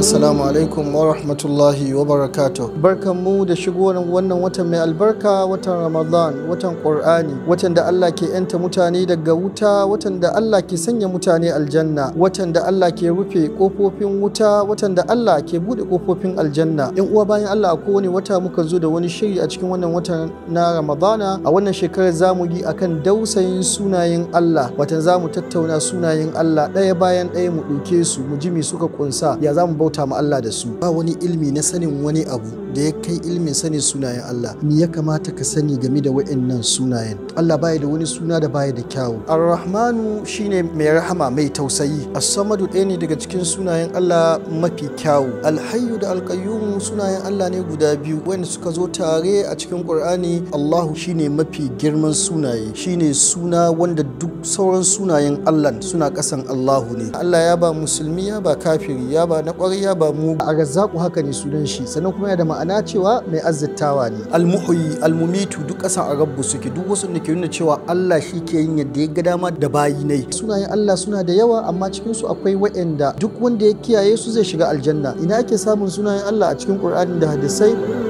Assalamu alaikum wa rahmatullahi wa Barkan Barkanmu da shigowar wannan watan mai albarka watan Ramadan, watan Qur'ani, watan da Allah ke yanta mutane daga wuta, watan da Allah ke sanya mutane aljanna, watan da Allah ke rufe kofofin wuta, watan da Allah ke bude kofofin aljanna. In uwa bayan Allah ko wani wata muka zo da wani shiri a cikin wannan watan na Ramadana, a wannan shekarar zamu yi akan dausayin sunayen Allah, watan zamu tattauna sunayen Allah ɗaya bayan ɗaya mu ɗauke su, mu ji me suka kunsa, ya zamu bauta ma Allah da su ba wani ilmi na sanin wani abu da ya kai ilmin sanin sunayen Allah Ni ya kamata ka sani game da wa'annan sunayen Allah baya da wani suna da baya da kyawu Ar-Rahmanu shine mai rahama mai tausayi As-Samadu ɗaya ne daga cikin sunayen Allah mafi kyawu Al-Hayyu da Al-Qayyum sunayen Allah ne guda biyu wanda suka zo tare a cikin Qur'ani Allahu shine mafi girman sunaye shine suna wanda duk sauran sunayen Allah suna kasan Allahu ne Allah ya ba musulmi ya ba kafiri ya ba na kwarai soyayya ba mu a razzaku haka ne sunan shi sannan kuma yana da ma'ana cewa mai azzittawa ne almuhi almumitu duk kasan arabu suke duk wasu da ke nuna cewa Allah shi ke yin yadda ya ga dama da bayi nai sunayen Allah suna da yawa amma cikin su akwai waɗanda duk wanda ya kiyaye su zai shiga aljanna ina ake samun sunayen Allah a cikin Qur'ani da hadisai